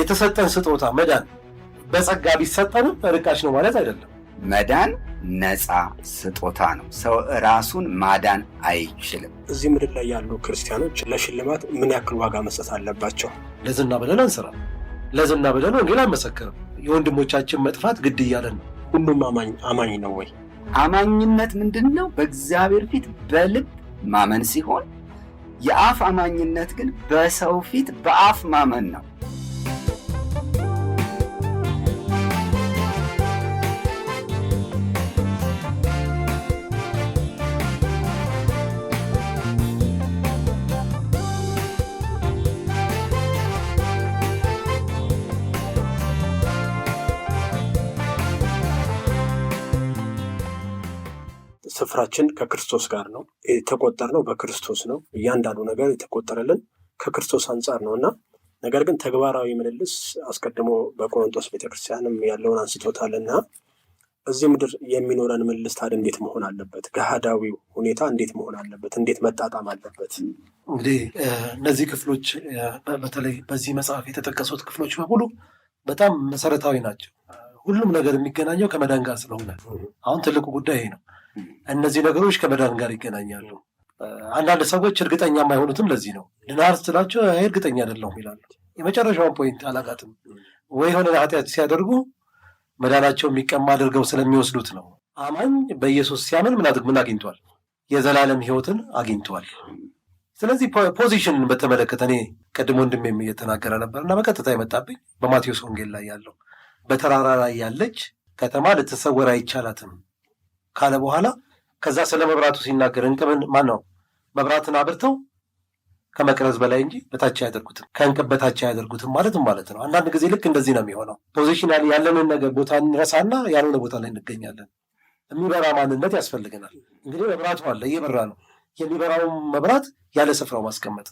የተሰጠን ስጦታ መዳን በጸጋ ቢሰጠንም ርካሽ ነው ማለት አይደለም። መዳን ነፃ ስጦታ ነው። ሰው ራሱን ማዳን አይችልም። እዚህ ምድር ላይ ያሉ ክርስቲያኖች ለሽልማት ምን ያክል ዋጋ መስጠት አለባቸው? ለዝና ብለን አንሰራም። ለዝና ብለን ወንጌል አንመሰክርም። የወንድሞቻችን መጥፋት ግድ እያለን ነው። ሁሉም አማኝ አማኝ ነው ወይ? አማኝነት ምንድን ነው? በእግዚአብሔር ፊት በልብ ማመን ሲሆን የአፍ አማኝነት ግን በሰው ፊት በአፍ ማመን ነው። ስራችን ከክርስቶስ ጋር ነው። ነው በክርስቶስ ነው። እያንዳንዱ ነገር የተቆጠረልን ከክርስቶስ አንጻር ነው እና ነገር ግን ተግባራዊ ምልልስ አስቀድሞ በቆሮንቶስ ቤተክርስቲያንም ያለውን አንስቶታል እና እዚህ ምድር የሚኖረን ምልልስ ታዲያ እንዴት መሆን አለበት? ገሃዳዊ ሁኔታ እንዴት መሆን አለበት? እንዴት መጣጣም አለበት? እንግዲህ እነዚህ ክፍሎች በተለይ በዚህ መጽሐፍ የተጠቀሱት ክፍሎች በሙሉ በጣም መሰረታዊ ናቸው። ሁሉም ነገር የሚገናኘው ከመዳን ጋር ስለሆነ አሁን ትልቁ ጉዳይ ይሄ ነው። እነዚህ ነገሮች ከመዳን ጋር ይገናኛሉ። አንዳንድ ሰዎች እርግጠኛ የማይሆኑትም ለዚህ ነው። ድናር ስትላቸው እርግጠኛ አይደለሁም ይላሉ። የመጨረሻውን ፖይንት አላቃትም ወይ የሆነ ኃጢአት ሲያደርጉ መዳናቸው የሚቀማ አድርገው ስለሚወስዱት ነው። አማኝ በኢየሱስ ሲያምን ምን አግኝቷል? የዘላለም ህይወትን አግኝቷል። ስለዚህ ፖዚሽንን በተመለከተ እኔ ቀድሞ ወንድሜ እየተናገረ ነበር እና በቀጥታ የመጣብኝ በማቴዎስ ወንጌል ላይ ያለው በተራራ ላይ ያለች ከተማ ልትሰወር አይቻላትም ካለ በኋላ ከዛ ስለ መብራቱ ሲናገር እንቅብን ማን ነው መብራትን አብርተው ከመቅረዝ በላይ እንጂ በታች አያደርጉትም፣ ከእንቅብ በታች አያደርጉትም ማለትም ማለት ነው። አንዳንድ ጊዜ ልክ እንደዚህ ነው የሚሆነው። ፖዚሽናል ያለንን ነገር ቦታ እንረሳና ያልሆነ ቦታ ላይ እንገኛለን። የሚበራ ማንነት ያስፈልገናል። እንግዲህ መብራቱ አለ፣ እየበራ ነው። የሚበራውን መብራት ያለ ስፍራው ማስቀመጥ።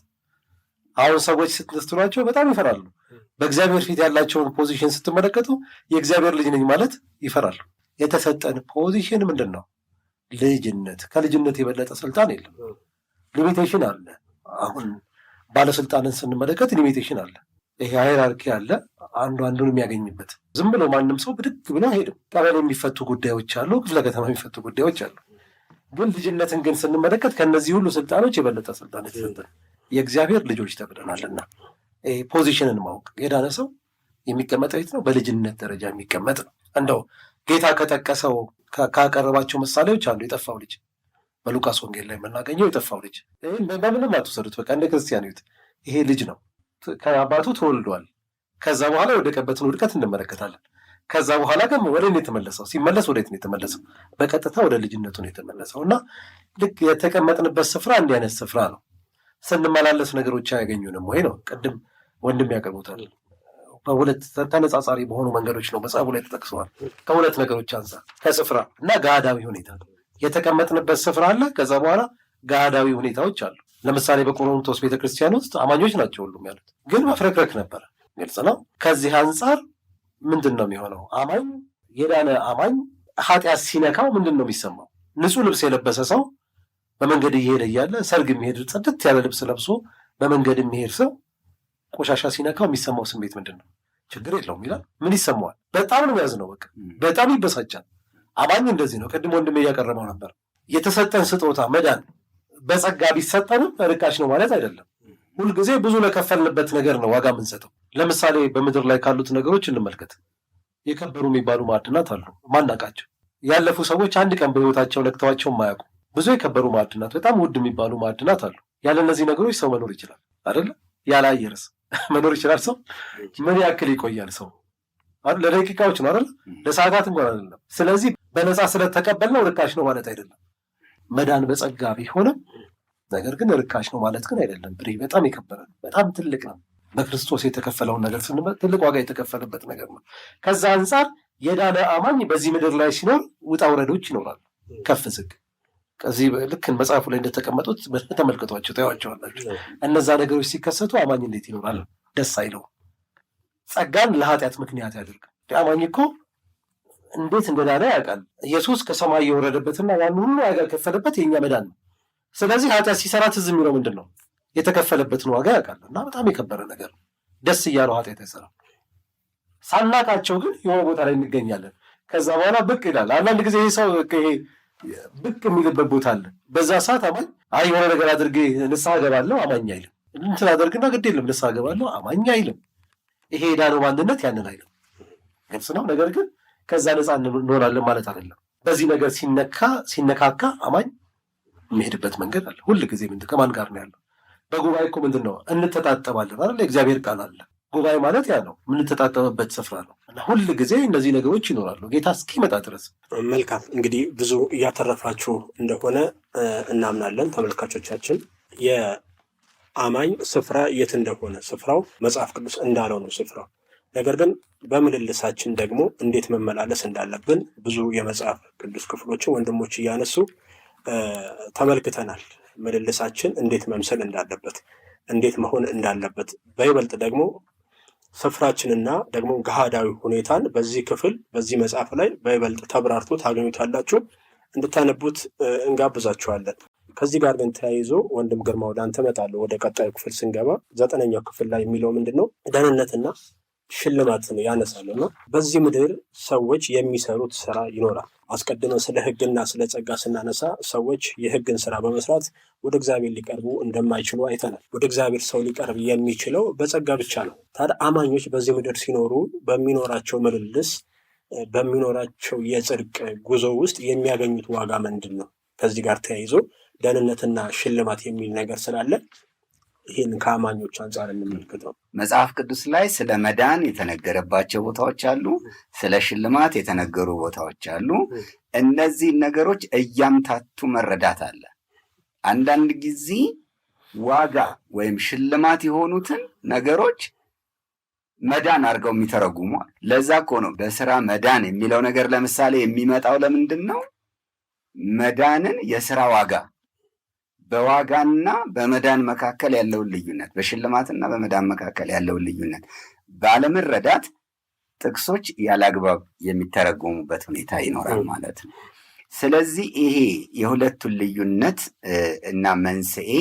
አሁን ሰዎች ስትነስትሏቸው በጣም ይፈራሉ። በእግዚአብሔር ፊት ያላቸውን ፖዚሽን ስትመለከቱ የእግዚአብሔር ልጅ ነኝ ማለት ይፈራሉ። የተሰጠን ፖዚሽን ምንድን ነው? ልጅነት። ከልጅነት የበለጠ ስልጣን የለም። ሊሚቴሽን አለ። አሁን ባለስልጣንን ስንመለከት ሊሚቴሽን አለ። ይሄ ሃይራርኪ አለ። አንዱ አንዱን የሚያገኝበት ዝም ብሎ ማንም ሰው ብድግ ብሎ አይሄድም። ቀበሌ የሚፈቱ ጉዳዮች አሉ፣ ክፍለ ከተማ የሚፈቱ ጉዳዮች አሉ። ግን ልጅነትን ግን ስንመለከት ከነዚህ ሁሉ ስልጣኖች የበለጠ ስልጣን የተሰጠን የእግዚአብሔር ልጆች ተብለናልና ፖዚሽንን ማወቅ የዳነ ሰው የሚቀመጠው ነው? በልጅነት ደረጃ የሚቀመጥ ነው። እንደው ጌታ ከጠቀሰው ካቀረባቸው ምሳሌዎች አንዱ የጠፋው ልጅ በሉቃስ ወንጌል ላይ የምናገኘው የጠፋው ልጅ በምንም አትውሰዱት፣ በቃ እንደ ክርስቲያን ይሁት ይሄ ልጅ ነው። ከአባቱ ተወልዷል። ከዛ በኋላ የወደቀበትን ውድቀት እንመለከታለን። ከዛ በኋላ ግን ወደ ነው የተመለሰው። ሲመለስ ወደ ነው የተመለሰው? በቀጥታ ወደ ልጅነቱ ነው የተመለሰው እና ልክ የተቀመጥንበት ስፍራ እንዲህ አይነት ስፍራ ነው። ስንመላለስ ነገሮች አያገኙንም ወይ ነው። ቅድም ወንድም ያቀርቡታል በሁለት ተነጻጻሪ በሆኑ መንገዶች ነው መጽሐፉ ላይ ተጠቅሰዋል። ከሁለት ነገሮች አንጻር ከስፍራ እና ጋዳዊ ሁኔታ የተቀመጥንበት ስፍራ አለ። ከዛ በኋላ ጋዳዊ ሁኔታዎች አሉ። ለምሳሌ በቆሮንቶስ ቤተክርስቲያን ውስጥ አማኞች ናቸው ሁሉም ያሉት፣ ግን መፍረክረክ ነበረ። ግልጽ ነው። ከዚህ አንጻር ምንድን ነው የሚሆነው? አማኝ የዳነ አማኝ ኃጢአት ሲነካው ምንድን ነው የሚሰማው? ንጹህ ልብስ የለበሰ ሰው በመንገድ እየሄደ እያለ ሰርግ የሚሄድ ጽድት ያለ ልብስ ለብሶ በመንገድ የሚሄድ ሰው ቆሻሻ ሲነካው የሚሰማው ስሜት ምንድን ነው? ችግር የለውም ይላል። ምን ይሰማዋል? በጣም ነው ያዝ ነው በቃ በጣም ይበሳጫል። አማኝ እንደዚህ ነው። ቅድም ወንድሜ ያቀረበው ነበር። የተሰጠን ስጦታ መዳን በጸጋ ቢሰጠንም ርካሽ ነው ማለት አይደለም። ሁልጊዜ ብዙ ለከፈልንበት ነገር ነው ዋጋ የምንሰጠው። ለምሳሌ በምድር ላይ ካሉት ነገሮች እንመልከት። የከበሩ የሚባሉ ማዕድናት አሉ፣ ማናቃቸው ያለፉ ሰዎች አንድ ቀን በህይወታቸው ነክተዋቸው ማያውቁ ብዙ የከበሩ ማዕድናት፣ በጣም ውድ የሚባሉ ማዕድናት አሉ። ያለ እነዚህ ነገሮች ሰው መኖር ይችላል አይደለም? ያለ አየርስ መኖር ይችላል ሰው ምን ያክል ይቆያል ሰው ለደቂቃዎች ነው አይደል ለሰዓታት እንኳን አይደለም ስለዚህ በነፃ ስለተቀበልነው ርካሽ ነው ማለት አይደለም መዳን በጸጋ ቢሆንም ነገር ግን ርካሽ ነው ማለት ግን አይደለም ብሬ በጣም የከበረ በጣም ትልቅ ነው በክርስቶስ የተከፈለውን ነገር ስንመ ትልቅ ዋጋ የተከፈለበት ነገር ነው ከዛ አንጻር የዳነ አማኝ በዚህ ምድር ላይ ሲኖር ውጣ ውረዶች ይኖራሉ፣ ከፍ ዝግ። ከዚህ ልክ መጽሐፉ ላይ እንደተቀመጡት ተመልክቷቸው ታያቸዋላችሁ። እነዛ ነገሮች ሲከሰቱ አማኝ እንዴት ይኖራል? ደስ አይለው ጸጋን ለኃጢአት ምክንያት ያደርግ። አማኝ እኮ እንዴት እንደዳነ ያውቃል። ኢየሱስ ከሰማይ የወረደበትና ያን ሁሉ ዋጋ የከፈለበት የእኛ መዳን ነው። ስለዚህ ኃጢአት ሲሰራ ትዝ የሚለው ምንድን ነው? የተከፈለበትን ዋጋ ያውቃል እና በጣም የከበረ ነገር ደስ እያለው ኃጢአት አይሰራም። ሳናቃቸው ግን የሆነ ቦታ ላይ እንገኛለን። ከዛ በኋላ ብቅ ይላል። አንዳንድ ጊዜ ይሄ ሰው ብቅ የሚልበት ቦታ አለ። በዛ ሰዓት አማኝ አይ የሆነ ነገር አድርጌ ንስሐ ገባለሁ አማኝ አይልም። እንትን አደርግና ግድ የለም ንስሐ ገባለሁ አማኝ አይልም። ይሄ የዳነው ማንነት ያንን አይልም። ግልጽ ነው። ነገር ግን ከዛ ነፃ እንሆናለን ማለት አይደለም። በዚህ ነገር ሲነካ ሲነካካ አማኝ የሚሄድበት መንገድ አለ። ሁል ጊዜ ምንድን ከማን ጋር ነው ያለው? በጉባኤ እኮ ምንድን ነው እንተጣጠባለን አይደል? እግዚአብሔር ቃል አለ ጉባኤ ማለት ነው፣ የምንተጣጠምበት ስፍራ ነው እና ሁል ጊዜ እነዚህ ነገሮች ይኖራሉ ጌታ እስኪመጣ ድረስ። መልካም እንግዲህ ብዙ እያተረፋችሁ እንደሆነ እናምናለን። ተመልካቾቻችን የአማኝ ስፍራ የት እንደሆነ ስፍራው መጽሐፍ ቅዱስ እንዳለው ነው ስፍራው። ነገር ግን በምልልሳችን ደግሞ እንዴት መመላለስ እንዳለብን ብዙ የመጽሐፍ ቅዱስ ክፍሎችን ወንድሞች እያነሱ ተመልክተናል። ምልልሳችን እንዴት መምሰል እንዳለበት እንዴት መሆን እንዳለበት በይበልጥ ደግሞ ስፍራችንና ደግሞ ገሃዳዊ ሁኔታን በዚህ ክፍል በዚህ መጽሐፍ ላይ በይበልጥ ተብራርቶ ታገኙታላችሁ። እንድታነቡት እንጋብዛችኋለን። ከዚህ ጋር ግን ተያይዞ ወንድም ግርማ ወደ አንተ እመጣለሁ። ወደ ቀጣዩ ክፍል ስንገባ ዘጠነኛው ክፍል ላይ የሚለው ምንድን ነው? ደህንነትና ሽልማትን ያነሳሉ እና በዚህ ምድር ሰዎች የሚሰሩት ስራ ይኖራል። አስቀድመን ስለ ሕግና ስለ ጸጋ ስናነሳ ሰዎች የሕግን ስራ በመስራት ወደ እግዚአብሔር ሊቀርቡ እንደማይችሉ አይተናል። ወደ እግዚአብሔር ሰው ሊቀርብ የሚችለው በጸጋ ብቻ ነው። ታዲያ አማኞች በዚህ ምድር ሲኖሩ በሚኖራቸው ምልልስ፣ በሚኖራቸው የጽድቅ ጉዞ ውስጥ የሚያገኙት ዋጋ ምንድን ነው? ከዚህ ጋር ተያይዞ ደህንነትና ሽልማት የሚል ነገር ስላለ ይህን ከአማኞቹ አንጻር እንመልከተው። መጽሐፍ ቅዱስ ላይ ስለ መዳን የተነገረባቸው ቦታዎች አሉ። ስለ ሽልማት የተነገሩ ቦታዎች አሉ። እነዚህን ነገሮች እያምታቱ መረዳት አለ። አንዳንድ ጊዜ ዋጋ ወይም ሽልማት የሆኑትን ነገሮች መዳን አድርገው የሚተረጉሟል። ለዛ እኮ ነው በስራ መዳን የሚለው ነገር ለምሳሌ የሚመጣው ለምንድን ነው? መዳንን የስራ ዋጋ በዋጋና በመዳን መካከል ያለውን ልዩነት፣ በሽልማትና በመዳን መካከል ያለውን ልዩነት ባለመረዳት ጥቅሶች ያለአግባብ የሚተረጎሙበት ሁኔታ ይኖራል ማለት ነው። ስለዚህ ይሄ የሁለቱን ልዩነት እና መንስኤ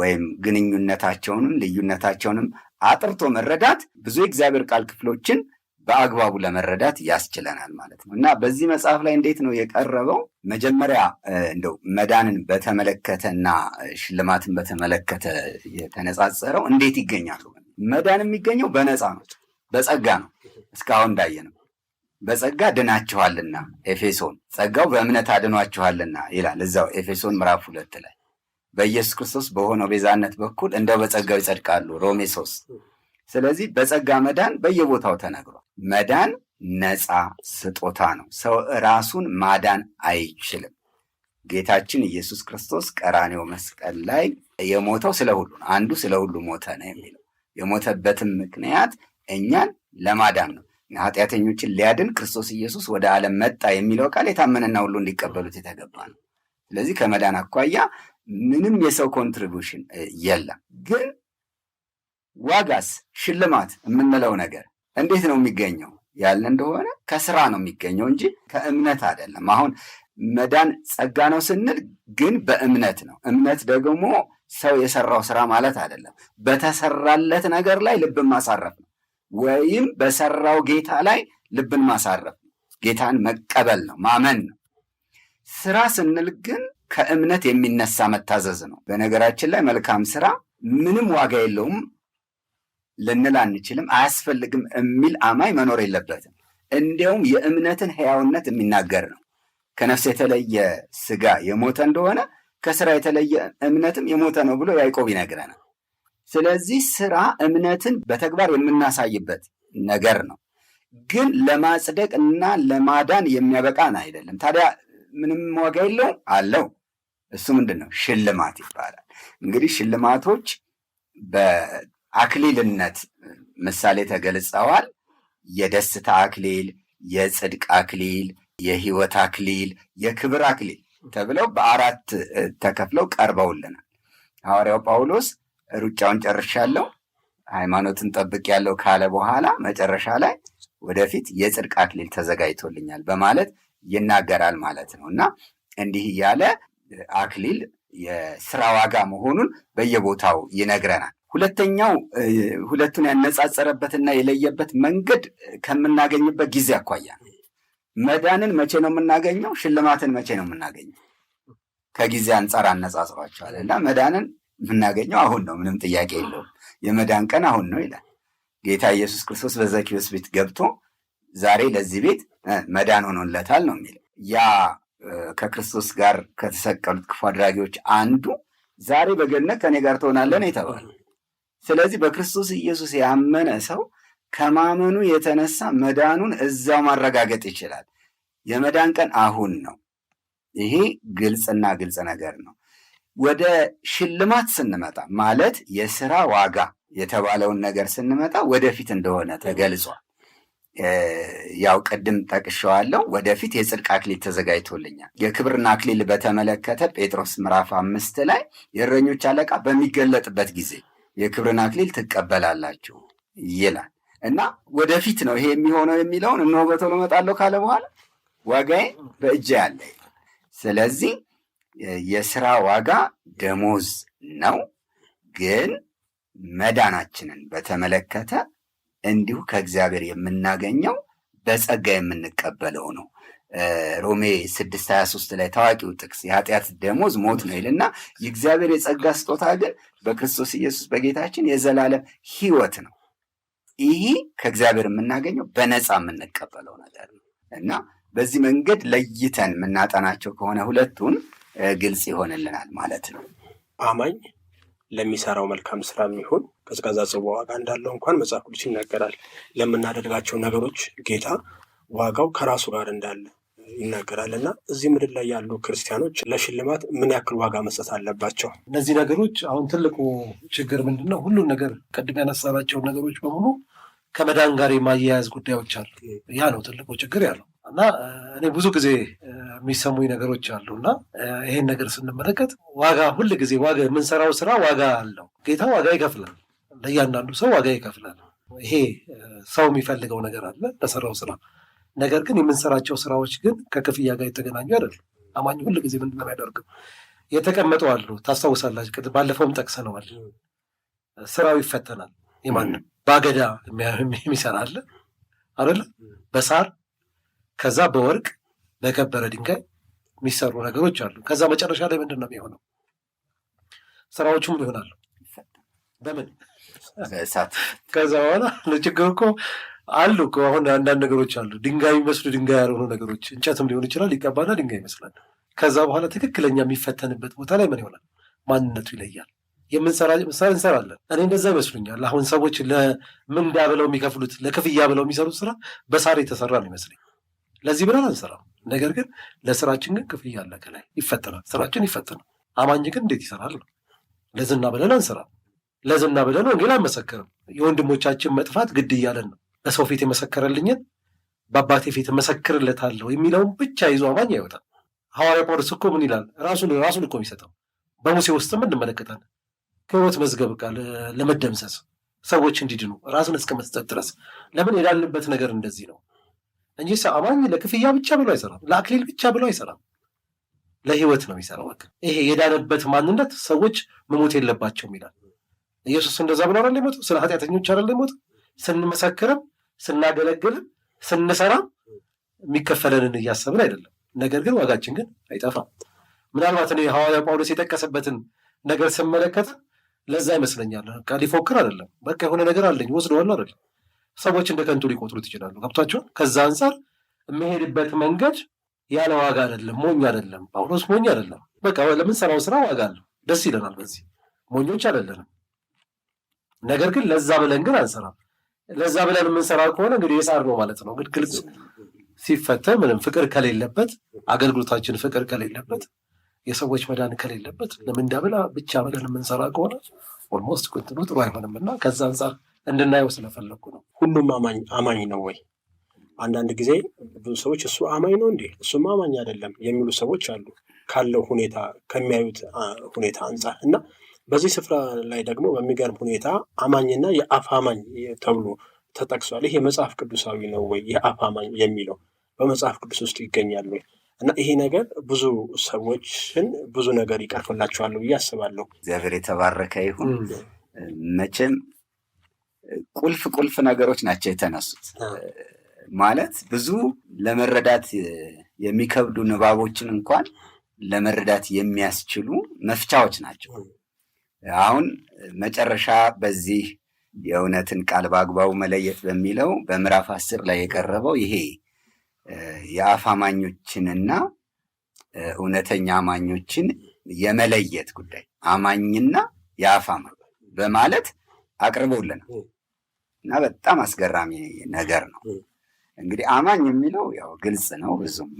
ወይም ግንኙነታቸውንም ልዩነታቸውንም አጥርቶ መረዳት ብዙ የእግዚአብሔር ቃል ክፍሎችን በአግባቡ ለመረዳት ያስችለናል ማለት ነው እና በዚህ መጽሐፍ ላይ እንዴት ነው የቀረበው? መጀመሪያ እንደው መዳንን በተመለከተ እና ሽልማትን በተመለከተ የተነጻጸረው እንዴት ይገኛሉ? መዳን የሚገኘው በነፃ ነው፣ በጸጋ ነው። እስካሁን እንዳየነው በጸጋ ድናችኋልና ኤፌሶን፣ ጸጋው በእምነት አድኗችኋልና ይላል እዛው ኤፌሶን ምዕራፍ ሁለት ላይ በኢየሱስ ክርስቶስ በሆነው ቤዛነት በኩል እንደው በጸጋው ይጸድቃሉ ሮሜ ሶስት። ስለዚህ በጸጋ መዳን በየቦታው ተነግሯል። መዳን ነፃ ስጦታ ነው። ሰው ራሱን ማዳን አይችልም። ጌታችን ኢየሱስ ክርስቶስ ቀራኔው መስቀል ላይ የሞተው ስለ ሁሉ ነው። አንዱ ስለ ሁሉ ሞተ ነው የሚለው። የሞተበትም ምክንያት እኛን ለማዳን ነው። ኃጢአተኞችን ሊያድን ክርስቶስ ኢየሱስ ወደ ዓለም መጣ የሚለው ቃል የታመነና ሁሉ እንዲቀበሉት የተገባ ነው። ስለዚህ ከመዳን አኳያ ምንም የሰው ኮንትሪቢሽን የለም። ግን ዋጋስ ሽልማት የምንለው ነገር እንዴት ነው የሚገኘው ያለ እንደሆነ ከስራ ነው የሚገኘው እንጂ ከእምነት አይደለም። አሁን መዳን ጸጋ ነው ስንል ግን በእምነት ነው። እምነት ደግሞ ሰው የሰራው ስራ ማለት አይደለም። በተሰራለት ነገር ላይ ልብን ማሳረፍ ነው፣ ወይም በሰራው ጌታ ላይ ልብን ማሳረፍ ነው። ጌታን መቀበል ነው፣ ማመን ነው። ስራ ስንል ግን ከእምነት የሚነሳ መታዘዝ ነው። በነገራችን ላይ መልካም ስራ ምንም ዋጋ የለውም ልንል አንችልም፣ አያስፈልግም የሚል አማኝ መኖር የለበትም። እንዲሁም የእምነትን ሕያውነት የሚናገር ነው። ከነፍስ የተለየ ስጋ የሞተ እንደሆነ ከስራ የተለየ እምነትም የሞተ ነው ብሎ ያዕቆብ ይነግረናል። ስለዚህ ስራ እምነትን በተግባር የምናሳይበት ነገር ነው። ግን ለማጽደቅ እና ለማዳን የሚያበቃን አይደለም። ታዲያ ምንም ዋጋ የለውም አለው። እሱ ምንድን ነው? ሽልማት ይባላል። እንግዲህ ሽልማቶች አክሊልነት ምሳሌ ተገልጸዋል። የደስታ አክሊል፣ የጽድቅ አክሊል፣ የህይወት አክሊል፣ የክብር አክሊል ተብለው በአራት ተከፍለው ቀርበውልናል። ሐዋርያው ጳውሎስ ሩጫውን ጨርሻለሁ፣ ሃይማኖትን ጠብቄያለሁ ካለ በኋላ መጨረሻ ላይ ወደፊት የጽድቅ አክሊል ተዘጋጅቶልኛል በማለት ይናገራል ማለት ነው እና እንዲህ እያለ አክሊል የስራ ዋጋ መሆኑን በየቦታው ይነግረናል። ሁለተኛው ሁለቱን ያነጻጸረበትና የለየበት መንገድ ከምናገኝበት ጊዜ አኳያ ነው። መዳንን መቼ ነው የምናገኘው? ሽልማትን መቼ ነው የምናገኘው? ከጊዜ አንጻር አነጻጽሯቸዋል እና መዳንን የምናገኘው አሁን ነው፣ ምንም ጥያቄ የለውም። የመዳን ቀን አሁን ነው ይላል ጌታ ኢየሱስ ክርስቶስ። በዘኪዮስ ቤት ገብቶ ዛሬ ለዚህ ቤት መዳን ሆኖለታል ነው የሚለው። ያ ከክርስቶስ ጋር ከተሰቀሉት ክፉ አድራጊዎች አንዱ ዛሬ በገነት ከኔ ጋር ትሆናለን ነው የተባለው። ስለዚህ በክርስቶስ ኢየሱስ ያመነ ሰው ከማመኑ የተነሳ መዳኑን እዛው ማረጋገጥ ይችላል። የመዳን ቀን አሁን ነው። ይሄ ግልጽና ግልጽ ነገር ነው። ወደ ሽልማት ስንመጣ ማለት የስራ ዋጋ የተባለውን ነገር ስንመጣ ወደፊት እንደሆነ ተገልጿል። ያው ቅድም ጠቅሸዋለሁ። ወደፊት የጽድቅ አክሊል ተዘጋጅቶልኛል። የክብርና አክሊል በተመለከተ ጴጥሮስ ምዕራፍ አምስት ላይ የእረኞች አለቃ በሚገለጥበት ጊዜ የክብርን አክሊል ትቀበላላችሁ ይላል እና ወደፊት ነው ይሄ የሚሆነው የሚለውን እነሆ በቶሎ እመጣለሁ ካለ በኋላ ዋጋዬ በእጄ ያለ ስለዚህ የስራ ዋጋ ደሞዝ ነው ግን መዳናችንን በተመለከተ እንዲሁ ከእግዚአብሔር የምናገኘው በጸጋ የምንቀበለው ነው ሮሜ 6፡23 ላይ ታዋቂው ጥቅስ የኃጢአት ደሞዝ ሞት ነው ይልና የእግዚአብሔር የጸጋ ስጦታ ግን በክርስቶስ ኢየሱስ በጌታችን የዘላለም ህይወት ነው። ይህ ከእግዚአብሔር የምናገኘው በነፃ የምንቀበለው ነገር ነው እና በዚህ መንገድ ለይተን የምናጠናቸው ከሆነ ሁለቱን ግልጽ ይሆንልናል ማለት ነው። አማኝ ለሚሰራው መልካም ስራ የሚሆን ቀዝቃዛ ጽዋ ዋጋ እንዳለው እንኳን መጽሐፍ ቅዱስ ይናገራል። ለምናደርጋቸው ነገሮች ጌታ ዋጋው ከራሱ ጋር እንዳለ ይናገራል እና እዚህ ምድር ላይ ያሉ ክርስቲያኖች ለሽልማት ምን ያክል ዋጋ መስጠት አለባቸው? እነዚህ ነገሮች አሁን ትልቁ ችግር ምንድነው ሁሉን ነገር ቅድም ያነሳናቸው ነገሮች በሙሉ ከመዳን ጋር የማያያዝ ጉዳዮች አሉ። ያ ነው ትልቁ ችግር ያለው እና እኔ ብዙ ጊዜ የሚሰሙኝ ነገሮች አሉ እና ይሄን ነገር ስንመለከት ዋጋ ሁል ጊዜ ዋጋ የምንሰራው ስራ ዋጋ አለው። ጌታ ዋጋ ይከፍላል። ለእያንዳንዱ ሰው ዋጋ ይከፍላል። ይሄ ሰው የሚፈልገው ነገር አለ ለሰራው ስራ ነገር ግን የምንሰራቸው ስራዎች ግን ከክፍያ ጋር የተገናኙ አይደሉም። አማኝ ሁል ጊዜ ምንድን ነው የሚያደርገው? የተቀመጠው አሉ ታስታውሳላችሁ፣ ባለፈውም ጠቅሰነዋል። ስራው ይፈተናል። የማንም በአገዳ የሚሰራ አለ አይደለ? በሳር ከዛ በወርቅ በከበረ ድንጋይ የሚሰሩ ነገሮች አሉ። ከዛ መጨረሻ ላይ ምንድን ነው የሚሆነው? ስራዎቹም ይሆናሉ በምን ከዛ በኋላ ችግር እኮ አሉ እኮ አሁን አንዳንድ ነገሮች አሉ፣ ድንጋይ የሚመስሉ ድንጋይ ያልሆኑ ነገሮች፣ እንጨትም ሊሆን ይችላል። ይቀባና ድንጋይ ይመስላል። ከዛ በኋላ ትክክለኛ የሚፈተንበት ቦታ ላይ ምን ይሆናል? ማንነቱ ይለያል። የምንሰራ እንሰራለን። እኔ እንደዛ ይመስሉኛል። አሁን ሰዎች ለምንዳ ብለው የሚከፍሉት ለክፍያ ብለው የሚሰሩት ስራ በሳር የተሰራ ነው ይመስለኝ። ለዚህ ብለን አንሰራም። ነገር ግን ለስራችን ግን ክፍያ አለ፣ ከላይ ይፈተናል። ስራችን ይፈተናል። አማኝ ግን እንዴት ይሰራል ነው። ለዝና ብለን አንሰራም። ለዝና ብለን ወንጌል አንመሰክርም። የወንድሞቻችን መጥፋት ግድ እያለን ነው በሰው ፊት የመሰከረልኝን በአባቴ ፊት መሰክርለታለሁ የሚለውን ብቻ ይዞ አማኝ አይወጣም። ሐዋርያ ጳውሎስ እኮ ምን ይላል? ራሱን ራሱን እኮ የሚሰጠው በሙሴ ውስጥም እንመለከታለን። ከህይወት መዝገብ ቃል ለመደምሰስ ሰዎች እንዲድኑ ራሱን እስከ መስጠት ድረስ ለምን የዳልንበት ነገር እንደዚህ ነው እንጂ አማኝ ለክፍያ ብቻ ብሎ አይሰራም፣ ለአክሊል ብቻ ብሎ አይሰራም። ለህይወት ነው የሚሰራው። በቃ ይሄ የዳነበት ማንነት ሰዎች መሞት የለባቸውም ይላል ኢየሱስ። እንደዛ ብሎ አይደል የሞተው? ስለ ኃጢአተኞች አይደል የሞተው? ስንመሰክርም ስናገለግል ስንሰራ የሚከፈለንን እያሰብን አይደለም። ነገር ግን ዋጋችን ግን አይጠፋም። ምናልባት እኔ ሐዋርያው ጳውሎስ የጠቀሰበትን ነገር ስመለከት ለዛ ይመስለኛል። በቃ ሊፎክር አይደለም። በቃ የሆነ ነገር አለኝ ወስደዋል አይደለም። ሰዎች እንደ ከንቱ ሊቆጥሩት ይችላሉ። ገብቷቸዋል። ከዛ አንጻር የምሄድበት መንገድ ያለ ዋጋ አይደለም። ሞኝ አይደለም። ጳውሎስ ሞኝ አይደለም። በቃ ለምንሰራው ስራ ዋጋ አለው። ደስ ይለናል። በዚህ ሞኞች አይደለንም። ነገር ግን ለዛ ብለን ግን አንሰራም። ለዛ ብለን የምንሰራው ከሆነ እንግዲህ የሳር ነው ማለት ነው። እንግዲህ ግልጽ ሲፈተ ምንም ፍቅር ከሌለበት አገልግሎታችን ፍቅር ከሌለበት የሰዎች መዳን ከሌለበት ለምንዳብላ ብቻ ብለን የምንሰራ ከሆነ ኦልሞስት ቁንትኑ ጥሩ አይሆንም እና ከዛ አንጻር እንድናየው ስለፈለግኩ ነው። ሁሉም አማኝ ነው ወይ? አንዳንድ ጊዜ ብዙ ሰዎች እሱ አማኝ ነው እንዴ እሱም አማኝ አይደለም የሚሉ ሰዎች አሉ፣ ካለው ሁኔታ ከሚያዩት ሁኔታ አንጻር እና በዚህ ስፍራ ላይ ደግሞ በሚገርም ሁኔታ አማኝና የአፍ አማኝ ተብሎ ተጠቅሷል። ይህ የመጽሐፍ ቅዱሳዊ ነው ወይ? የአፍ አማኝ የሚለው በመጽሐፍ ቅዱስ ውስጥ ይገኛል ወይ? እና ይሄ ነገር ብዙ ሰዎችን ብዙ ነገር ይቀርፍላቸዋል ብዬ አስባለሁ። እግዚአብሔር የተባረከ ይሁን። መቼም ቁልፍ ቁልፍ ነገሮች ናቸው የተነሱት። ማለት ብዙ ለመረዳት የሚከብዱ ንባቦችን እንኳን ለመረዳት የሚያስችሉ መፍቻዎች ናቸው። አሁን መጨረሻ በዚህ የእውነትን ቃል በአግባቡ መለየት በሚለው በምዕራፍ አስር ላይ የቀረበው ይሄ የአፍ አማኞችንና እውነተኛ አማኞችን የመለየት ጉዳይ አማኝና የአፍ አማኝ በማለት አቅርበውልናል እና በጣም አስገራሚ ነገር ነው። እንግዲህ አማኝ የሚለው ያው ግልጽ ነው፣ ብዙም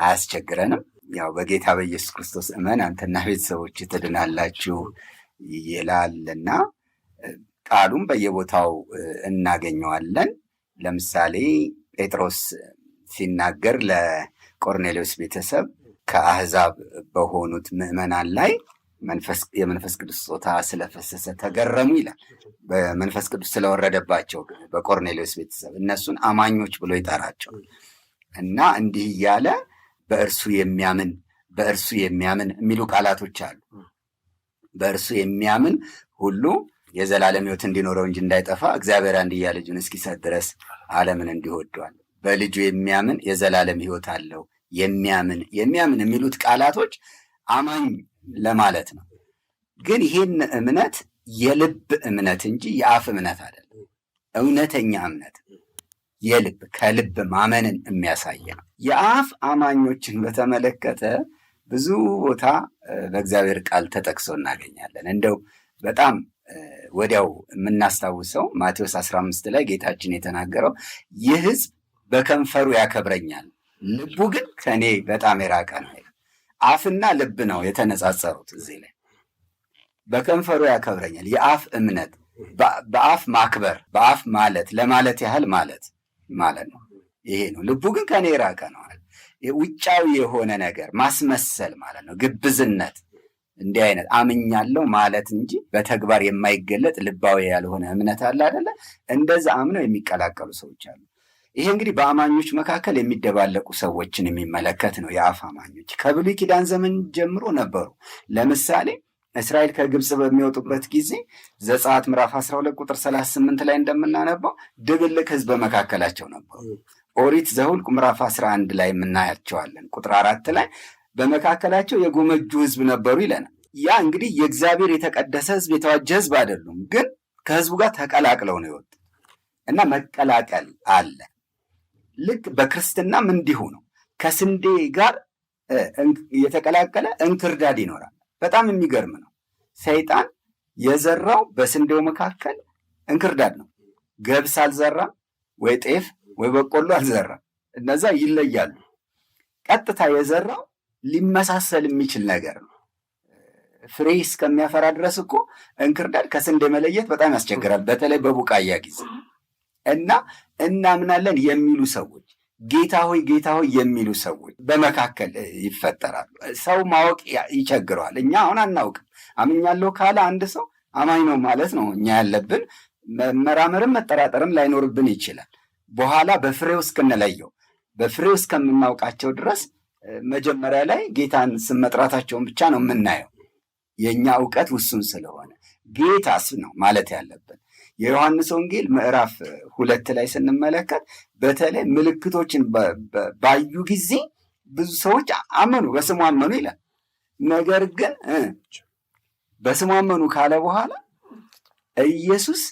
አያስቸግረንም። ያው በጌታ በኢየሱስ ክርስቶስ እመን አንተና ቤተሰቦች ትድናላችሁ ይላልና ቃሉም በየቦታው እናገኘዋለን። ለምሳሌ ጴጥሮስ ሲናገር ለቆርኔሌዎስ ቤተሰብ ከአህዛብ በሆኑት ምዕመናን ላይ የመንፈስ ቅዱስ ስጦታ ስለፈሰሰ ተገረሙ ይላል። በመንፈስ ቅዱስ ስለወረደባቸው በቆርኔሌዎስ ቤተሰብ እነሱን አማኞች ብሎ ይጠራቸዋል እና እንዲህ እያለ በእርሱ የሚያምን በእርሱ የሚያምን የሚሉ ቃላቶች አሉ። በእርሱ የሚያምን ሁሉ የዘላለም ሕይወት እንዲኖረው እንጂ እንዳይጠፋ እግዚአብሔር አንድያ ልጁን እስኪሰጥ ድረስ ዓለምን እንዲሁ ወዷል። በልጁ የሚያምን የዘላለም ሕይወት አለው። የሚያምን የሚያምን የሚሉት ቃላቶች አማኝ ለማለት ነው። ግን ይህን እምነት የልብ እምነት እንጂ የአፍ እምነት አይደለም። እውነተኛ እምነት የልብ ከልብ ማመንን የሚያሳይ ነው። የአፍ አማኞችን በተመለከተ ብዙ ቦታ በእግዚአብሔር ቃል ተጠቅሶ እናገኛለን። እንደው በጣም ወዲያው የምናስታውሰው ማቴዎስ 15 ላይ ጌታችን የተናገረው ይህ ሕዝብ በከንፈሩ ያከብረኛል፣ ልቡ ግን ከእኔ በጣም የራቀ ነው። አፍና ልብ ነው የተነጻጸሩት እዚህ ላይ በከንፈሩ ያከብረኛል። የአፍ እምነት በአፍ ማክበር፣ በአፍ ማለት ለማለት ያህል ማለት ማለት ነው። ይሄ ነው። ልቡ ግን ከኔ የራቀ ነው። ውጫዊ የሆነ ነገር ማስመሰል ማለት ነው። ግብዝነት እንዲህ አይነት አምኛለው ማለት እንጂ በተግባር የማይገለጥ ልባዊ ያልሆነ እምነት አለ አደለ? እንደዛ አምነው የሚቀላቀሉ ሰዎች አሉ። ይሄ እንግዲህ በአማኞች መካከል የሚደባለቁ ሰዎችን የሚመለከት ነው። የአፍ አማኞች ከብሉይ ኪዳን ዘመን ጀምሮ ነበሩ። ለምሳሌ እስራኤል ከግብፅ በሚወጡበት ጊዜ ዘጸአት ምዕራፍ 12 ቁጥር 38 ላይ እንደምናነባው ድብልቅ ህዝብ በመካከላቸው ነበሩ። ኦሪት ዘኍልቍ ምዕራፍ 11 ላይ የምናያቸዋለን። ቁጥር አራት ላይ በመካከላቸው የጎመጁ ህዝብ ነበሩ ይለናል። ያ እንግዲህ የእግዚአብሔር የተቀደሰ ህዝብ የተዋጀ ህዝብ አይደሉም፣ ግን ከህዝቡ ጋር ተቀላቅለው ነው የወጡት እና መቀላቀል አለ። ልክ በክርስትናም እንዲሁ ነው። ከስንዴ ጋር የተቀላቀለ እንክርዳድ ይኖራል። በጣም የሚገርም ነው። ሰይጣን የዘራው በስንዴው መካከል እንክርዳድ ነው። ገብስ አልዘራም ወይ ጤፍ ወይ በቆሎ አልዘራም። እነዛ ይለያሉ። ቀጥታ የዘራው ሊመሳሰል የሚችል ነገር ነው። ፍሬ እስከሚያፈራ ድረስ እኮ እንክርዳድ ከስንዴ መለየት በጣም ያስቸግራል፣ በተለይ በቡቃያ ጊዜ እና እናምናለን የሚሉ ሰዎች ጌታ ሆይ ጌታ ሆይ የሚሉ ሰዎች በመካከል ይፈጠራሉ። ሰው ማወቅ ይቸግረዋል። እኛ አሁን አናውቅም። አምኛለሁ ካለ አንድ ሰው አማኝ ነው ማለት ነው እኛ ያለብን። መመራመርም መጠራጠርም ላይኖርብን ይችላል። በኋላ በፍሬው እስክንለየው በፍሬው እስከምናውቃቸው ድረስ መጀመሪያ ላይ ጌታን ስም መጥራታቸውን ብቻ ነው የምናየው። የእኛ እውቀት ውሱን ስለሆነ ጌታስ ነው ማለት ያለብን። የዮሐንስ ወንጌል ምዕራፍ ሁለት ላይ ስንመለከት በተለይ ምልክቶችን ባዩ ጊዜ ብዙ ሰዎች አመኑ፣ በስሙ አመኑ ይላል። ነገር ግን በስሙ አመኑ ካለ በኋላ ኢየሱስ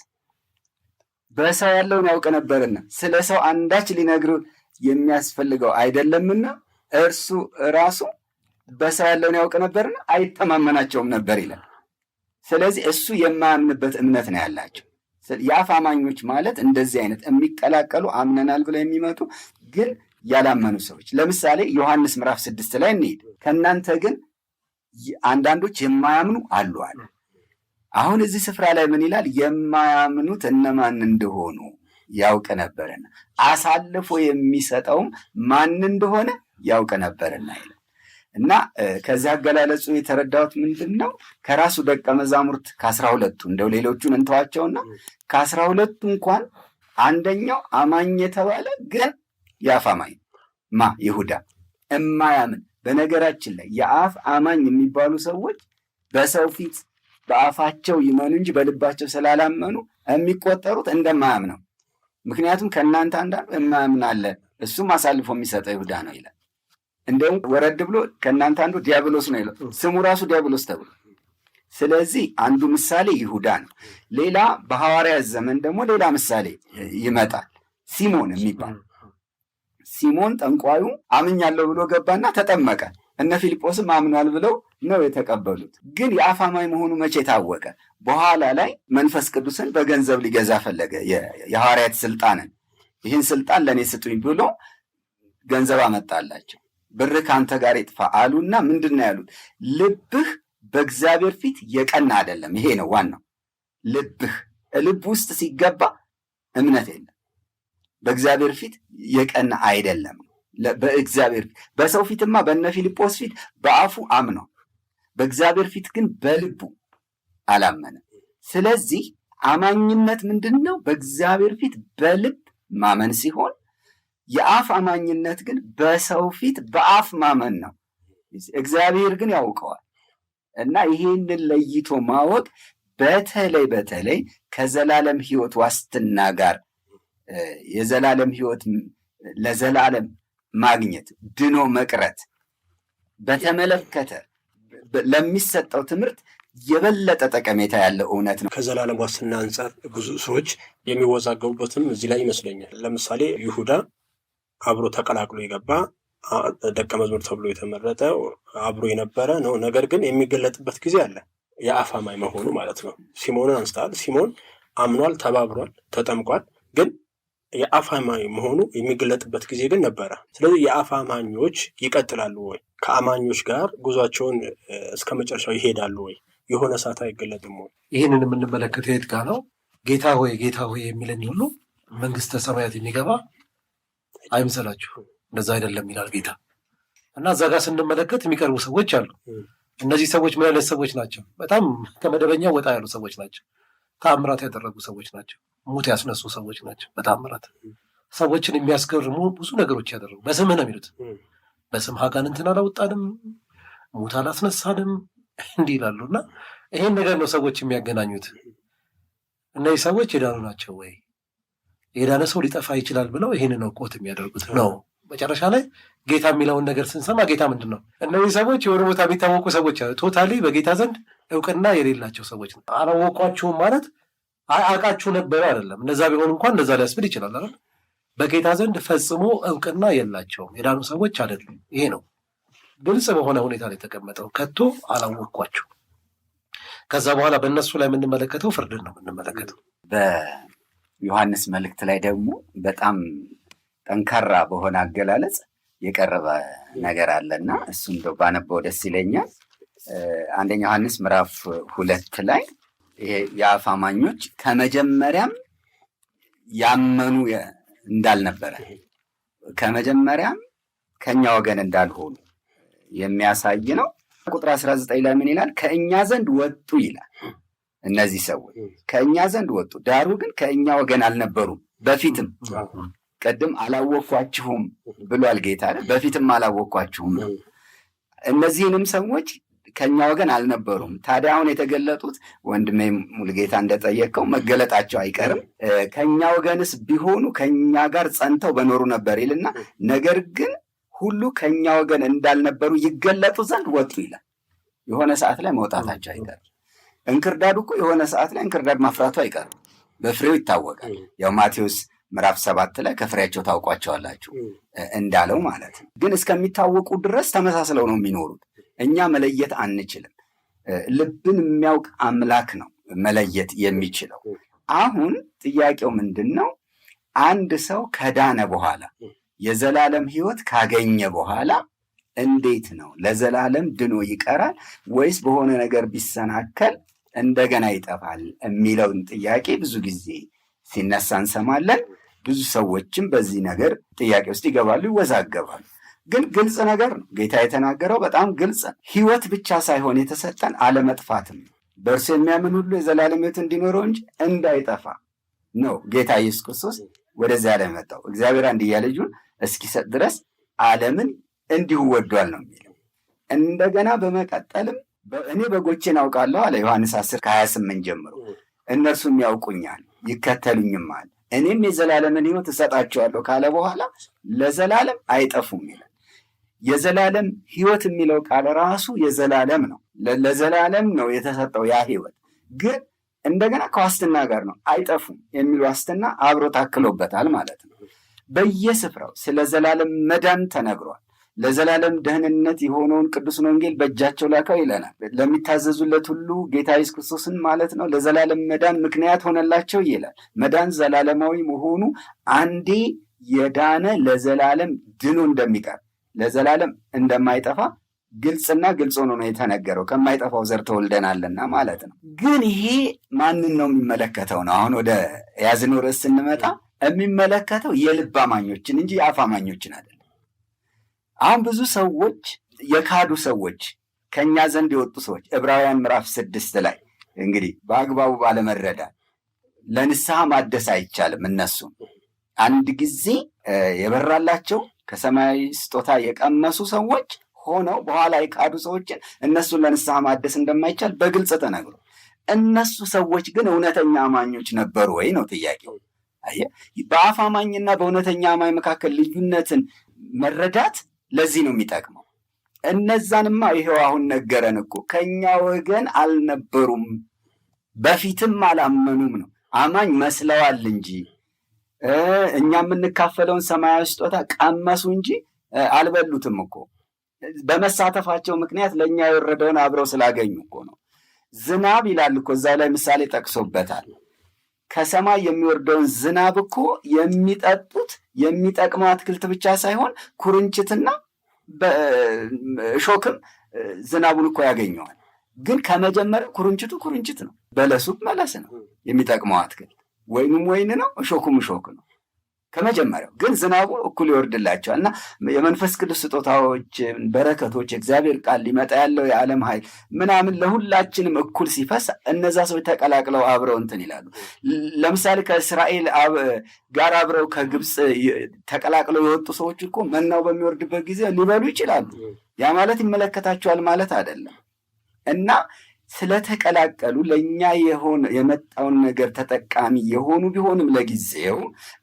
በሰው ያለውን ያውቅ ነበርና ስለ ሰው አንዳች ሊነግር የሚያስፈልገው አይደለምና እርሱ ራሱ በሰው ያለውን ያውቅ ነበርና አይተማመናቸውም ነበር ይላል። ስለዚህ እሱ የማያምንበት እምነት ነው ያላቸው። የአፍ አማኞች ማለት እንደዚህ አይነት የሚቀላቀሉ አምነናል ብለው የሚመጡ ግን ያላመኑ ሰዎች። ለምሳሌ ዮሐንስ ምዕራፍ ስድስት ላይ እንሄድ። ከእናንተ ግን አንዳንዶች የማያምኑ አሉ አለ አሁን እዚህ ስፍራ ላይ ምን ይላል? የማያምኑት እነማን እንደሆኑ ያውቅ ነበርና አሳልፎ የሚሰጠውም ማን እንደሆነ ያውቅ ነበርና ይላል። እና ከዚህ አገላለጹ የተረዳሁት ምንድን ነው? ከራሱ ደቀ መዛሙርት ከአስራ ሁለቱ እንደው ሌሎቹን እንተዋቸውና ከአስራ ሁለቱ እንኳን አንደኛው አማኝ የተባለ ግን የአፍ አማኝ ማ ይሁዳ እማያምን። በነገራችን ላይ የአፍ አማኝ የሚባሉ ሰዎች በሰው ፊት በአፋቸው ይመኑ እንጂ በልባቸው ስላላመኑ የሚቆጠሩት እንደማያምን ነው። ምክንያቱም ከእናንተ አንዳንዱ የማያምን አለ፣ እሱም አሳልፎ የሚሰጠው ይሁዳ ነው ይላል። እንደውም ወረድ ብሎ ከእናንተ አንዱ ዲያብሎስ ነው ይለው፣ ስሙ ራሱ ዲያብሎስ ተብሎ ስለዚህ አንዱ ምሳሌ ይሁዳ ነው። ሌላ በሐዋርያት ዘመን ደግሞ ሌላ ምሳሌ ይመጣል። ሲሞን የሚባል ሲሞን ጠንቋዩ አምኛለሁ ብሎ ገባና ተጠመቀ። እነ ፊልጶስም አምኗል ብለው ነው የተቀበሉት። ግን የአፋማይ መሆኑ መቼ ታወቀ? በኋላ ላይ መንፈስ ቅዱስን በገንዘብ ሊገዛ ፈለገ። የሐዋርያት ስልጣንን ይህን ስልጣን ለእኔ ስጡኝ ብሎ ገንዘብ አመጣላቸው። ብር ከአንተ ጋር ይጥፋ አሉና ምንድን ነው ያሉት? ልብህ በእግዚአብሔር ፊት የቀና አይደለም። ይሄ ነው ዋናው። ልብህ ልብ ውስጥ ሲገባ እምነት የለም፣ በእግዚአብሔር ፊት የቀና አይደለም። በእግዚአብሔር ፊት በሰው ፊትማ በነ ፊልጶስ ፊት በአፉ አምኖ በእግዚአብሔር ፊት ግን በልቡ አላመነ። ስለዚህ አማኝነት ምንድን ነው? በእግዚአብሔር ፊት በልብ ማመን ሲሆን የአፍ አማኝነት ግን በሰው ፊት በአፍ ማመን ነው። እግዚአብሔር ግን ያውቀዋል እና ይሄንን ለይቶ ማወቅ በተለይ በተለይ ከዘላለም ሕይወት ዋስትና ጋር የዘላለም ሕይወት ለዘላለም ማግኘት፣ ድኖ መቅረት በተመለከተ ለሚሰጠው ትምህርት የበለጠ ጠቀሜታ ያለው እውነት ነው። ከዘላለም ዋስትና አንጻር ብዙ ሰዎች የሚወዛገቡበትም እዚህ ላይ ይመስለኛል። ለምሳሌ ይሁዳ አብሮ ተቀላቅሎ የገባ ደቀ መዝሙር ተብሎ የተመረጠ አብሮ የነበረ ነው። ነገር ግን የሚገለጥበት ጊዜ አለ። የአፋማይ መሆኑ ማለት ነው። ሲሞንን አንስተሃል። ሲሞን አምኗል፣ ተባብሯል፣ ተጠምቋል ግን የአፋማኝ መሆኑ የሚገለጥበት ጊዜ ግን ነበረ። ስለዚህ የአፋማኞች ይቀጥላሉ ወይ? ከአማኞች ጋር ጉዟቸውን እስከ መጨረሻው ይሄዳሉ ወይ? የሆነ ሰዓት አይገለጥም ወይ? ይህንን የምንመለከተው የት ጋ ነው? ጌታ ሆይ ጌታ ሆይ የሚለኝ ሁሉ መንግስተ ሰማያት የሚገባ አይምሰላችሁ፣ እንደዛ አይደለም ይላል ጌታ። እና እዛ ጋር ስንመለከት የሚቀርቡ ሰዎች አሉ። እነዚህ ሰዎች ምን አይነት ሰዎች ናቸው? በጣም ከመደበኛ ወጣ ያሉ ሰዎች ናቸው። ተአምራት ያደረጉ ሰዎች ናቸው። ሙት ያስነሱ ሰዎች ናቸው። በተአምራት ሰዎችን የሚያስገርሙ ብዙ ነገሮች ያደረጉ በስምህ ነው የሚሉት። በስም አጋንንትን አላወጣንም፣ ሙት አላስነሳንም እንዲህ ይላሉ እና ይሄን ነገር ነው ሰዎች የሚያገናኙት። እነዚህ ሰዎች የዳኑ ናቸው ወይ የዳነ ሰው ሊጠፋ ይችላል ብለው ይህን ነው ቆት የሚያደርጉት ነው። መጨረሻ ላይ ጌታ የሚለውን ነገር ስንሰማ ጌታ ምንድን ነው? እነዚህ ሰዎች የሆነ ቦታ የሚታወቁ ሰዎች ቶታሊ በጌታ ዘንድ እውቅና የሌላቸው ሰዎች ነው። አላወቋችሁም ማለት አውቃችሁ ነበር አይደለም። እነዛ ቢሆን እንኳን እነዛ ሊያስብል ይችላል አይደል? በጌታ ዘንድ ፈጽሞ እውቅና የላቸውም፣ የዳኑ ሰዎች አይደሉም። ይሄ ነው ግልጽ በሆነ ሁኔታ ላይ የተቀመጠው። ከቶ አላወቅኳችሁ። ከዛ በኋላ በእነሱ ላይ የምንመለከተው ፍርድን ነው የምንመለከተው። በዮሐንስ መልእክት ላይ ደግሞ በጣም ጠንካራ በሆነ አገላለጽ የቀረበ ነገር አለና እሱም እንደው ባነበው ደስ ይለኛል። አንደኛ ዮሐንስ ምዕራፍ ሁለት ላይ የአፍ አማኞች ከመጀመሪያም ያመኑ እንዳልነበረ ከመጀመሪያም ከእኛ ወገን እንዳልሆኑ የሚያሳይ ነው። ቁጥር አስራ ዘጠኝ ላይ ምን ይላል? ከእኛ ዘንድ ወጡ ይላል። እነዚህ ሰዎች ከእኛ ዘንድ ወጡ፣ ዳሩ ግን ከእኛ ወገን አልነበሩም። በፊትም ቅድም አላወኳችሁም ብሏል ጌታ። በፊትም አላወኳችሁም ነው። እነዚህንም ሰዎች ከኛ ወገን አልነበሩም። ታዲያ አሁን የተገለጡት ወንድሜ ሙልጌታ እንደጠየቀው መገለጣቸው አይቀርም። ከኛ ወገንስ ቢሆኑ ከኛ ጋር ጸንተው በኖሩ ነበር ይልና ነገር ግን ሁሉ ከኛ ወገን እንዳልነበሩ ይገለጡ ዘንድ ወጡ ይላል። የሆነ ሰዓት ላይ መውጣታቸው አይቀርም። እንክርዳዱ እኮ የሆነ ሰዓት ላይ እንክርዳድ ማፍራቱ አይቀርም። በፍሬው ይታወቃል። ያው ማቴዎስ ምዕራፍ ሰባት ላይ ከፍሬያቸው ታውቋቸዋላችሁ እንዳለው ማለት ነው። ግን እስከሚታወቁ ድረስ ተመሳስለው ነው የሚኖሩት። እኛ መለየት አንችልም። ልብን የሚያውቅ አምላክ ነው መለየት የሚችለው። አሁን ጥያቄው ምንድን ነው? አንድ ሰው ከዳነ በኋላ የዘላለም ሕይወት ካገኘ በኋላ እንዴት ነው? ለዘላለም ድኖ ይቀራል ወይስ በሆነ ነገር ቢሰናከል እንደገና ይጠፋል የሚለውን ጥያቄ ብዙ ጊዜ ሲነሳ እንሰማለን። ብዙ ሰዎችም በዚህ ነገር ጥያቄ ውስጥ ይገባሉ፣ ይወዛገባሉ። ግን ግልጽ ነገር ነው። ጌታ የተናገረው በጣም ግልጽ ነው። ህይወት ብቻ ሳይሆን የተሰጠን አለመጥፋትም ነው። በእርሱ የሚያምን ሁሉ የዘላለም ሕይወት እንዲኖረው እንጂ እንዳይጠፋ ነው ጌታ ኢየሱስ ክርስቶስ ወደዚያ ዓለም መጣው። እግዚአብሔር አንድያ ልጁን እስኪሰጥ ድረስ ዓለምን እንዲሁ ወዷል ነው የሚለው። እንደገና በመቀጠልም እኔ በጎቼን አውቃለሁ አለ ዮሐንስ 10 ከ28 ጀምሮ እነርሱም ያውቁኛል ይከተሉኝማል፣ እኔም የዘላለምን ህይወት እሰጣቸዋለሁ ካለ በኋላ ለዘላለም አይጠፉም ይላል። የዘላለም ህይወት የሚለው ቃል ራሱ የዘላለም ነው። ለዘላለም ነው የተሰጠው ያ ህይወት ግን እንደገና ከዋስትና ጋር ነው። አይጠፉም የሚል ዋስትና አብሮ ታክሎበታል ማለት ነው። በየስፍራው ስለ ዘላለም መዳን ተነግሯል። ለዘላለም ደህንነት የሆነውን ቅዱስን ወንጌል በእጃቸው ላከው ይለናል። ለሚታዘዙለት ሁሉ ጌታ ኢየሱስ ክርስቶስን ማለት ነው ለዘላለም መዳን ምክንያት ሆነላቸው ይላል። መዳን ዘላለማዊ መሆኑ አንዴ የዳነ ለዘላለም ድኖ እንደሚቀር ለዘላለም እንደማይጠፋ ግልጽና ግልጽ ሆኖ ነው የተነገረው። ከማይጠፋው ዘር ተወልደናልና ማለት ነው። ግን ይሄ ማንን ነው የሚመለከተው ነው? አሁን ወደ ያዝነው ርዕስ ስንመጣ የሚመለከተው የልብ አማኞችን እንጂ የአፍ አማኞችን አይደለም። አሁን ብዙ ሰዎች የካዱ ሰዎች ከእኛ ዘንድ የወጡ ሰዎች ዕብራውያን ምዕራፍ ስድስት ላይ እንግዲህ በአግባቡ ባለመረዳት ለንስሐ ማደስ አይቻልም። እነሱም አንድ ጊዜ የበራላቸው ከሰማያዊ ስጦታ የቀመሱ ሰዎች ሆነው በኋላ የካዱ ሰዎችን እነሱን ለንስሐ ማደስ እንደማይቻል በግልጽ ተነግሮ እነሱ ሰዎች ግን እውነተኛ አማኞች ነበሩ ወይ ነው ጥያቄው። በአፍ አማኝና በእውነተኛ አማኝ መካከል ልዩነትን መረዳት ለዚህ ነው የሚጠቅመው። እነዛንማ ይሄው አሁን ነገረን እኮ ከኛ ወገን አልነበሩም፣ በፊትም አላመኑም ነው አማኝ መስለዋል እንጂ እኛ የምንካፈለውን ሰማያዊ ስጦታ ቀመሱ እንጂ አልበሉትም እኮ። በመሳተፋቸው ምክንያት ለእኛ የወረደውን አብረው ስላገኙ እኮ ነው። ዝናብ ይላል እኮ እዛ ላይ ምሳሌ ጠቅሶበታል። ከሰማይ የሚወርደውን ዝናብ እኮ የሚጠጡት የሚጠቅመው አትክልት ብቻ ሳይሆን ኩርንችትና እሾክም ዝናቡን እኮ ያገኘዋል። ግን ከመጀመሪያው ኩርንችቱ ኩርንችት ነው፣ በለሱ መለስ ነው የሚጠቅመው አትክልት ወይኑም ወይን ነው፣ እሾኩም እሾክ ነው። ከመጀመሪያው ግን ዝናቡ እኩል ይወርድላቸዋል እና የመንፈስ ቅዱስ ስጦታዎች፣ በረከቶች፣ የእግዚአብሔር ቃል ሊመጣ ያለው የዓለም ኃይል ምናምን ለሁላችንም እኩል ሲፈስ እነዛ ሰዎች ተቀላቅለው አብረው እንትን ይላሉ። ለምሳሌ ከእስራኤል ጋር አብረው ከግብፅ ተቀላቅለው የወጡ ሰዎች እኮ መናው በሚወርድበት ጊዜ ሊበሉ ይችላሉ። ያ ማለት ይመለከታቸዋል ማለት አይደለም እና ስለተቀላቀሉ ለእኛ የሆነ የመጣውን ነገር ተጠቃሚ የሆኑ ቢሆንም ለጊዜው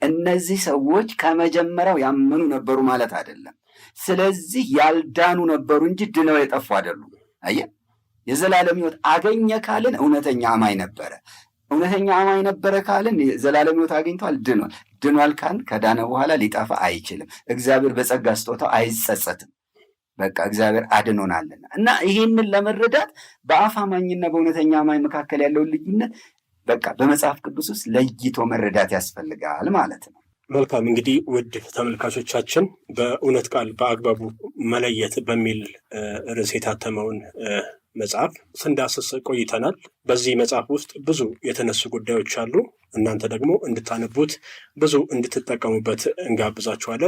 እነዚህ ሰዎች ከመጀመሪያው ያመኑ ነበሩ ማለት አይደለም። ስለዚህ ያልዳኑ ነበሩ እንጂ ድነው የጠፉ አይደሉም። አየህ፣ የዘላለም ሕይወት አገኘ ካልን እውነተኛ አማኝ ነበረ። እውነተኛ አማኝ ነበረ ካልን የዘላለም ሕይወት አግኝቷል፣ ድኗል። ድኗል ካልን ከዳነ በኋላ ሊጠፋ አይችልም። እግዚአብሔር በጸጋ ስጦታው አይጸጸትም። በቃ እግዚአብሔር አድኖናልና እና ይህንን ለመረዳት በአፍ አማኝና በእውነተኛ አማኝ መካከል ያለውን ልዩነት በቃ በመጽሐፍ ቅዱስ ውስጥ ለይቶ መረዳት ያስፈልጋል ማለት ነው። መልካም እንግዲህ ውድ ተመልካቾቻችን በእውነት ቃል በአግባቡ መለየት በሚል ርዕስ የታተመውን መጽሐፍ ስንዳስስ ቆይተናል። በዚህ መጽሐፍ ውስጥ ብዙ የተነሱ ጉዳዮች አሉ። እናንተ ደግሞ እንድታነቡት ብዙ እንድትጠቀሙበት እንጋብዛችኋለን።